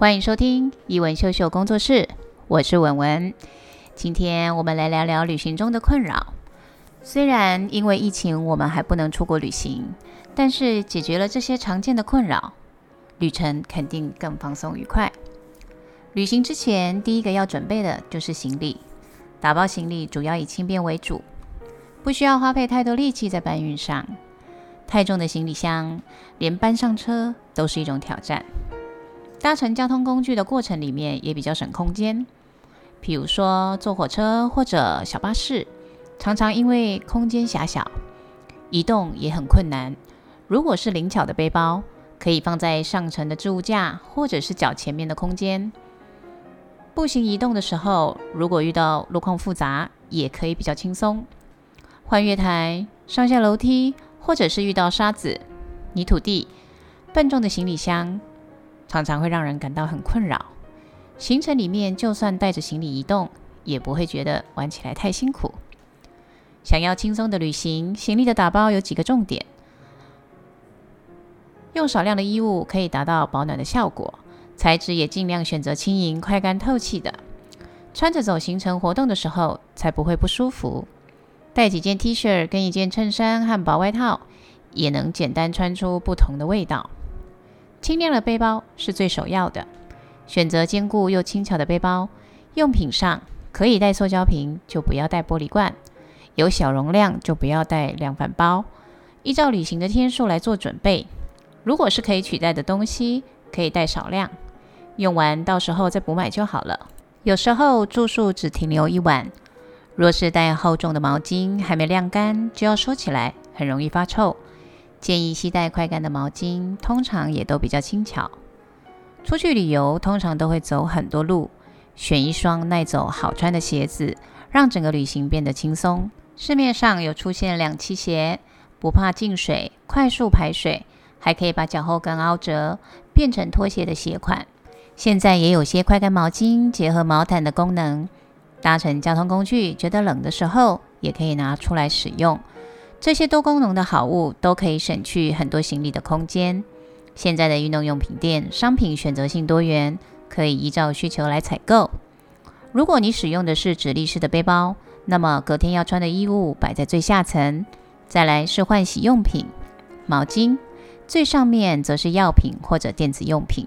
歡迎收聽一文秀秀工作室，我是文文。今天我們來聊聊旅行中的困擾。雖然因為疫情我們還不能出國旅行，但是解決了這些常見的困擾，旅程肯定更放鬆愉快。旅行之前，第一個要準備的就是行李。打包行李主要以輕便為主，不需要花費太多力氣在搬運上。太重的行李箱，連搬上車都是一種挑戰。搭乘交通工具的過程裡面也比較省空間，比如說坐火車或者小巴士，常常因為空間狹小，移動也很困難。如果是靈巧的背包，可以放在上層的置物架，或者是腳前面的空間。步行移動的時候，如果遇到路況複雜，也可以比較輕鬆。換月台、上下樓梯，或者是遇到沙子、泥土地，笨重的行李箱。常常會讓人感到很困擾。行程裡面就算帶着行李移動，也不會覺得玩起來太辛苦。想要輕鬆的旅行，行李的打包有幾個重點：用少量的衣物可以達到保暖的效果，材質也儘量選擇輕盈、快乾、透氣的，穿着走行程活動的時候才不會不舒服。帶幾件 T 恤跟一件襯衫和薄外套，也能簡單穿出不同的味道。輕量的背包是最首要的，選擇堅固又輕巧的背包。用品上可以帶塑膠瓶，就不要帶玻璃罐；有小容量就不要帶量販包。依照旅行的天數來做準備。如果是可以取代的東西，可以帶少量，用完到時候再補買就好了。有時候住宿只停留一晚，若是帶厚重的毛巾還沒晾乾，就要收起來，很容易發臭。建議攜帶快乾的毛巾，通常也都比較輕巧。出去旅遊通常都會走很多路，選一雙耐走好穿的鞋子，讓整個旅行變得輕鬆。市面上有出現兩棲鞋，不怕進水，快速排水，還可以把腳後跟凹折，變成拖鞋的鞋款。現在也有些快乾毛巾結合毛毯的功能，搭乘交通工具覺得冷的時候，也可以拿出來使用。這些多功能的好物都可以省去很多行李的空間。現在的運動用品店商品選擇性多元，可以依照需求來採購。如果你使用的是直立式的背包，那麼隔天要穿的衣物擺在最下層，再來是換洗用品、毛巾，最上面則是藥品或者電子用品。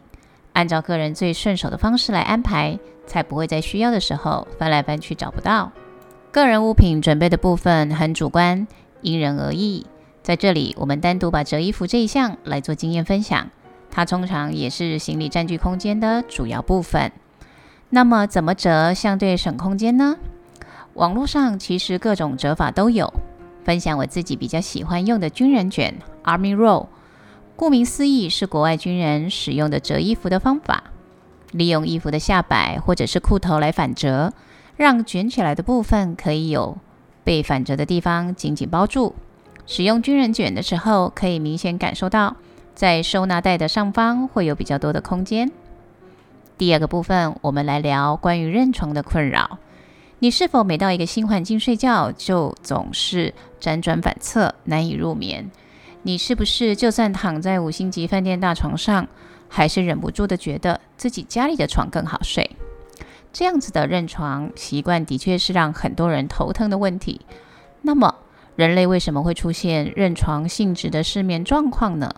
按照個人最順手的方式來安排，才不會在需要的時候翻來翻去找不到。個人物品準備的部分很主觀。因人而異，在這裡我們單獨把折衣服這一項來做經驗分享。它通常也是行李佔據空間的主要部分。那麼怎麼折相對省空間呢？網絡上其實各種折法都有。分享我自己比較喜歡用的軍人卷 （Army Roll），顧名思義是國外軍人使用的折衣服的方法。利用衣服的下擺或者是褲頭來反折，讓卷起來的部分可以有。被反折的地方緊緊包住。使用軍人卷的時候，可以明顯感受到，在收納袋的上方會有比較多的空間。第二個部分，我們來聊關於認床的困擾。你是否每到一個新環境睡覺，就總是輾轉反側，難以入眠？你是不是就算躺在五星級飯店大床上，還是忍不住的覺得自己家裡的床更好睡？這樣子的認床習慣，的確是讓很多人頭疼的問題。那麼，人類為什麼會出現認床性質的失眠狀況呢？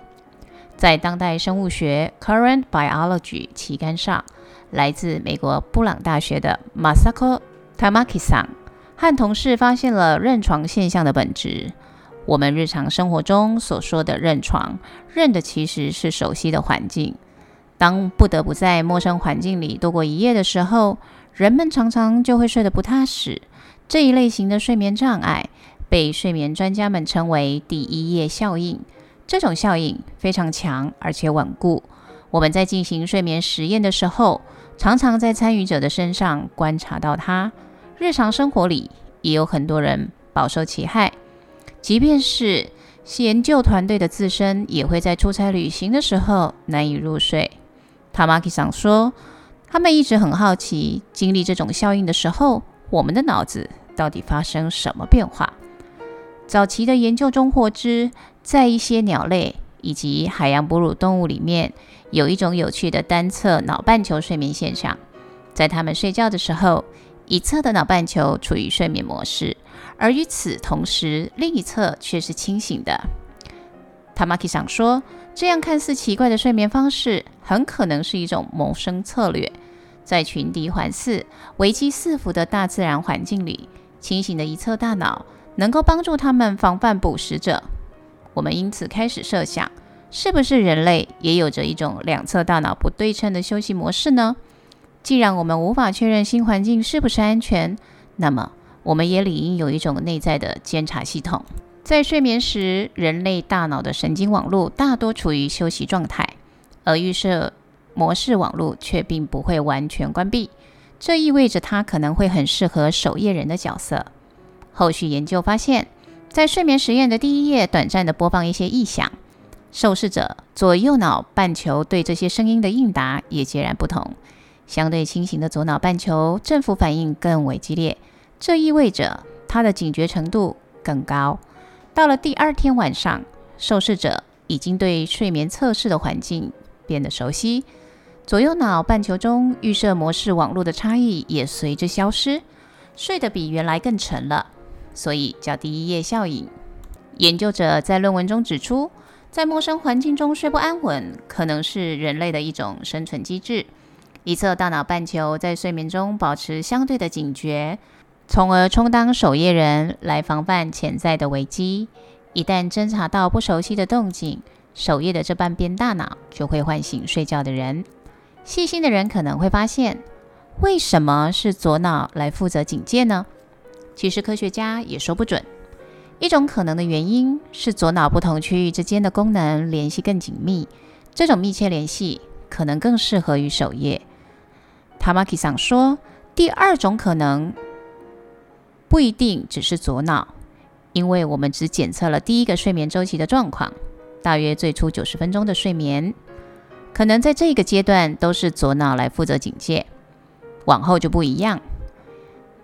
在當代生物學《Current Biology》期刊上，來自美國布朗大學的 Masako Tamaki-san 和同事發現了認床現象的本質。我們日常生活中所說的認床，認的其實是熟悉的環境。當不得不在陌生環境裡度過一夜的時候，人們常常就會睡得不踏實。這一類型的睡眠障礙被睡眠專家們稱為“第一夜效應”。這種效應非常強而且穩固。我們在進行睡眠實驗的時候，常常在參與者的身上觀察到它。日常生活裡，也有很多人飽受其害。即便是研究團隊的自身，也會在出差旅行的時候難以入睡。塔馬基想說，他們一直很好奇，經歷這種效應的時候，我們的腦子到底發生什麼變化。早期的研究中獲知，在一些鳥類以及海洋哺乳動物裡面，有一種有趣的單側腦半球睡眠現象，在它們睡覺的時候，一側的腦半球處於睡眠模式，而與此同時，另一側卻是清醒的。塔馬基想說，這樣看似奇怪的睡眠方式。很可能是一種謀生策略，在群敵環伺、危機四伏的大自然環境裡，清醒的一側大腦能夠幫助他們防範捕食者。我們因此開始設想，是不是人類也有着一種兩側大腦不對稱的休息模式呢？既然我們無法確認新環境是不是安全，那麼我們也理應有一種內在的監察系統。在睡眠時，人類大腦的神經網絡大多處於休息狀態。而預設模式網絡卻並不會完全關閉，這意味着它可能會很適合守夜人的角色。後續研究發現，在睡眠實驗的第一夜，短暫地播放一些異響，受試者左右腦半球對這些聲音的應答也截然不同。相對清醒的左腦半球，正負反應更為激烈，這意味着它的警覺程度更高。到了第二天晚上，受試者已經對睡眠測試的環境變得熟悉，左右腦半球中預設模式網絡的差異也隨之消失，睡得比原來更沉了，所以叫“第一夜效應”。研究者在論文中指出，在陌生環境中睡不安穩，可能是人類的一種生存機制。一側大腦半球在睡眠中保持相對的警覺，從而充當守夜人來防範潛在的危機。一旦偵察到不熟悉的動靜，首守夜的這半邊大腦就會喚醒睡覺的人。細心的人可能會發現，為什麼是左腦來負責警戒呢？其實科學家也說不準。一種可能的原因是左腦不同區域之間的功能聯繫更緊密，這種密切聯繫可能更適合於守夜。塔馬基桑說，第二種可能不一定只是左腦，因為我們只檢測了第一個睡眠周期的狀況。大約最初九十分鐘的睡眠，可能在這個階段都是左腦來負責警戒，往後就不一樣。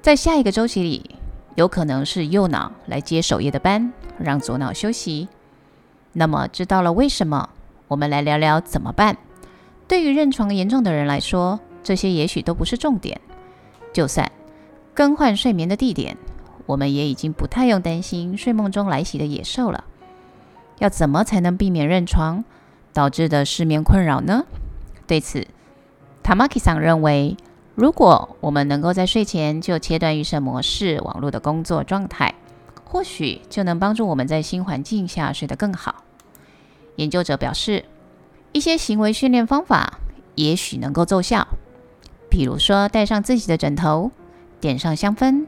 在下一個周期裡，有可能是右腦來接守夜的班，讓左腦休息。那麼知道了為什麼，我們來聊聊怎麼辦。對於認床嚴重的人來說，這些也許都不是重點。就算更換睡眠的地點，我們也已經不太用擔心睡夢中來襲的野獸了。要怎麼才能避免認床導致的失眠困擾呢？對此，Tamaki 桑認為，如果我們能夠在睡前就切斷預設模式網絡的工作狀態，或許就能幫助我們在新環境下睡得更好。研究者表示，一些行為訓練方法也許能夠奏效，比如說帶上自己的枕頭，點上香氛，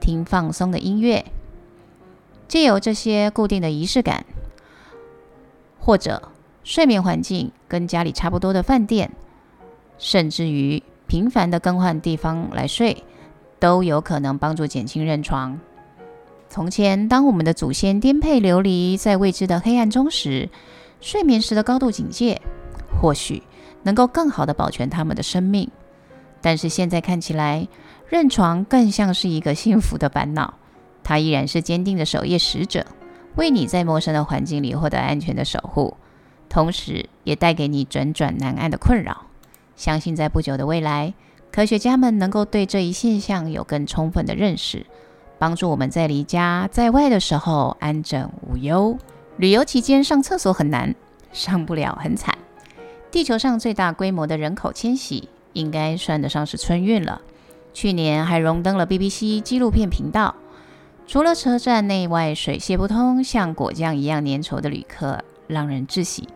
聽放鬆的音樂，借由這些固定的儀式感。或者睡眠環境跟家裡差不多的飯店，甚至於頻繁的更換地方來睡，都有可能幫助減輕認床。從前，當我們的祖先顛沛流離在未知的黑暗中時，睡眠時的高度警戒或許能夠更好的保全他們的生命。但是現在看起來，認床更像是一個幸福的煩惱，它依然是堅定的守夜使者。為你在陌生的環境裡獲得安全的守護，同時也帶給你輾轉難安的困擾。相信在不久的未來，科學家們能夠對這一現象有更充分的認識，幫助我們在離家在外的時候安枕無憂。旅遊期間上廁所很難，上不了很慘。地球上最大規模的人口遷徙，應該算得上是春運了。去年還榮登了 BBC 紀錄片頻道。除了車站內外水泄不通，像果醬一樣粘稠的旅客讓人窒息，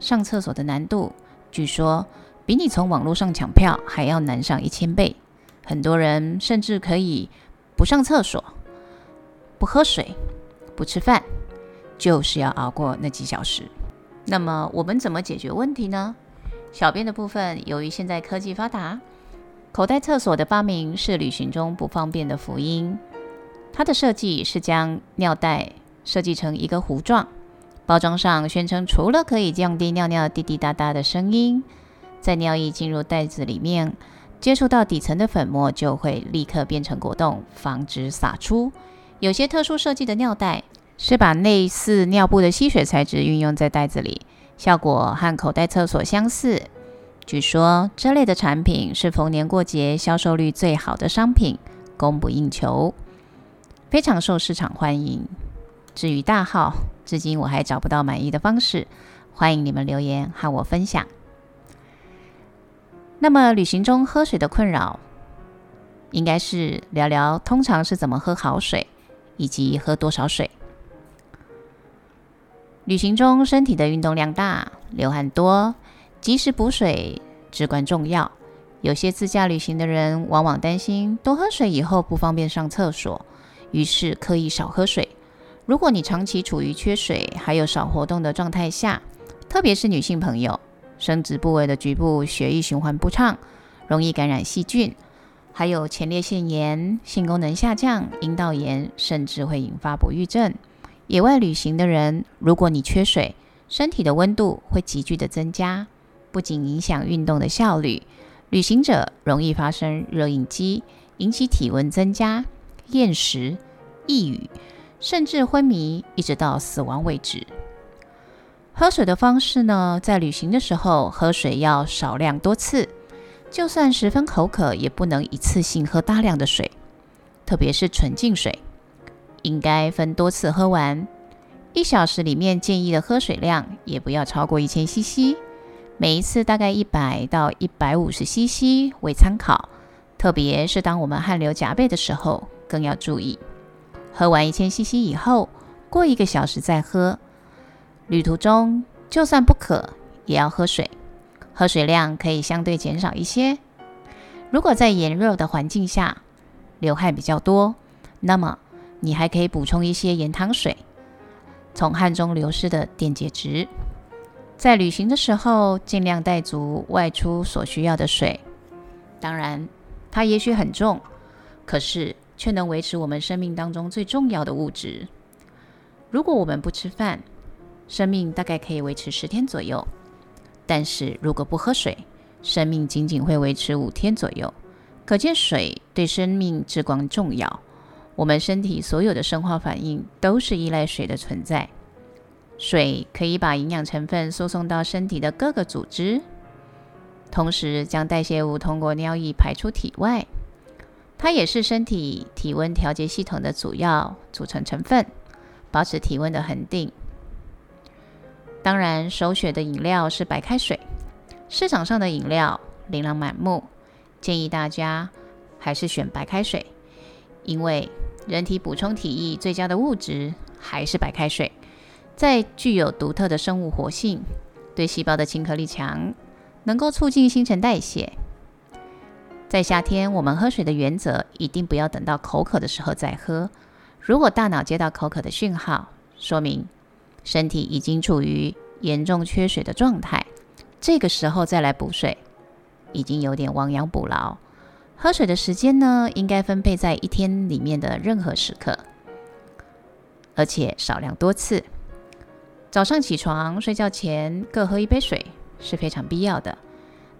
上廁所的難度據說比你從網絡上搶票還要難上一千倍。很多人甚至可以不上廁所、不喝水、不吃飯，就是要熬過那幾小時。那麼我們怎麼解決問題呢？小便的部分，由於現在科技發達，口袋廁所的發明是旅行中不方便的福音。它的設計是將尿袋設計成一個壺狀，包裝上宣稱除了可以降低尿尿滴滴答答的聲音，在尿液進入袋子裡面接觸到底層的粉末，就會立刻變成果凍，防止灑出。有些特殊設計的尿袋是把類似尿布的吸水材質運用在袋子裡，效果和口袋廁所相似。據說這類的產品是逢年過節銷售率最好的商品，供不應求。非常受市場歡迎。至於大號，至今我還找不到滿意的方式，歡迎你們留言和我分享。那麼，旅行中喝水的困擾，應該是聊聊通常是怎麼喝好水，以及喝多少水。旅行中身體的運動量大，流汗多，及時補水至關重要。有些自駕旅行的人往往擔心多喝水以後不方便上廁所。於是刻意少喝水。如果你長期處於缺水還有少活動的狀態下，特別是女性朋友，生殖部位的局部血液循環不暢，容易感染細菌，還有前列腺炎、性功能下降、陰道炎，甚至會引發不育症。野外旅行的人，如果你缺水，身體的溫度會急劇的增加，不僅影響運動的效率，旅行者容易發生熱應激，引起體溫增加、厭食。囈語，甚至昏迷，一直到死亡為止。喝水的方式呢？在旅行的時候，喝水要少量多次，就算十分口渴，也不能一次性喝大量的水，特別是純淨水，應該分多次喝完。一小時裡面建議的喝水量也不要超過一千 CC，每一次大概一百到一百五十 CC 為參考。特別是當我們汗流浹背的時候，更要注意。喝完一千 CC 以後，過一個小時再喝。旅途中就算不渴，也要喝水，喝水量可以相對減少一些。如果在炎熱的環境下流汗比較多，那麼你還可以補充一些鹽糖水，從汗中流失的電解質。在旅行的時候，盡量帶足外出所需要的水。當然，它也許很重，可是，卻能維持我們生命當中最重要的物質。如果我們不吃飯，生命大概可以維持十天左右；但是如果不喝水，生命僅僅會維持五天左右。可見水對生命至關重要。我們身體所有的生化反應都是依賴水的存在。水可以把營養成分輸送到身體的各個組織，同時將代謝物通過尿液排出體外。它也是身體體溫調節系統的主要組成成分，保持體溫的恆定。當然，首選的飲料是白開水。市場上的飲料琳琅滿目，建議大家還是選白開水，因為人體補充體液最佳的物質還是白開水。在具有獨特的生物活性，對細胞的親和力強，能夠促進新陳代謝。在夏天，我們喝水的原則一定不要等到口渴的時候再喝。如果大腦接到口渴的訊號，說明身體已經處於嚴重缺水的狀態。這個時候再來補水，已經有點亡羊補牢。喝水的時間呢，應該分配在一天裡面的任何時刻，而且少量多次。早上起床、睡覺前各喝一杯水是非常必要的，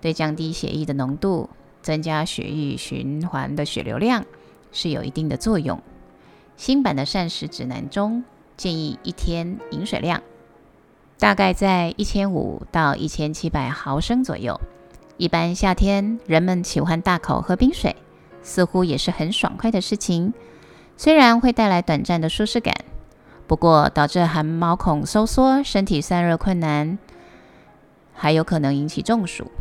對降低血液的濃度。增加血液循環的血流量是有一定的作用。新版的膳食指南中建議一天飲水量大概在一千五到一千七百毫升左右。一般夏天人們喜歡大口喝冰水，似乎也是很爽快的事情，雖然會帶來短暫的舒適感，不過導致汗毛孔收縮，身體散熱困難，還有可能引起中暑。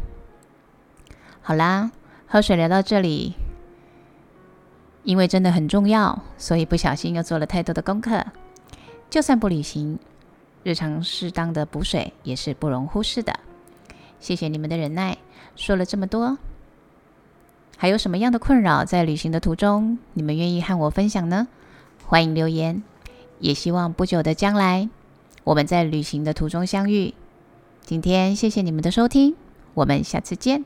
好啦。喝水聊到這裡，因為真的很重要，所以不小心又做了太多的功課。就算不旅行，日常適當的補水也是不容忽視的。謝謝你們的忍耐，說了這麼多，還有什麼樣的困擾在旅行的途中，你們願意和我分享呢？歡迎留言，也希望不久的將來我們在旅行的途中相遇。今天謝謝你們的收聽，我們下次見。